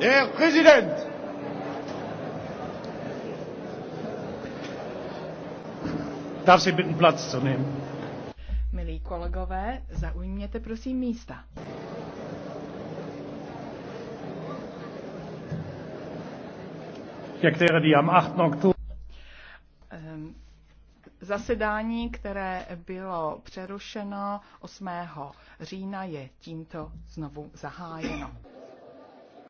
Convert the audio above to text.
Herr Präsident! Darf Sie bitten, Platz zu nehmen. Milí kolegové, zaujměte prosím místa. Jak die am 8. Oktober Zasedání, které bylo přerušeno 8. října, je tímto znovu zahájeno.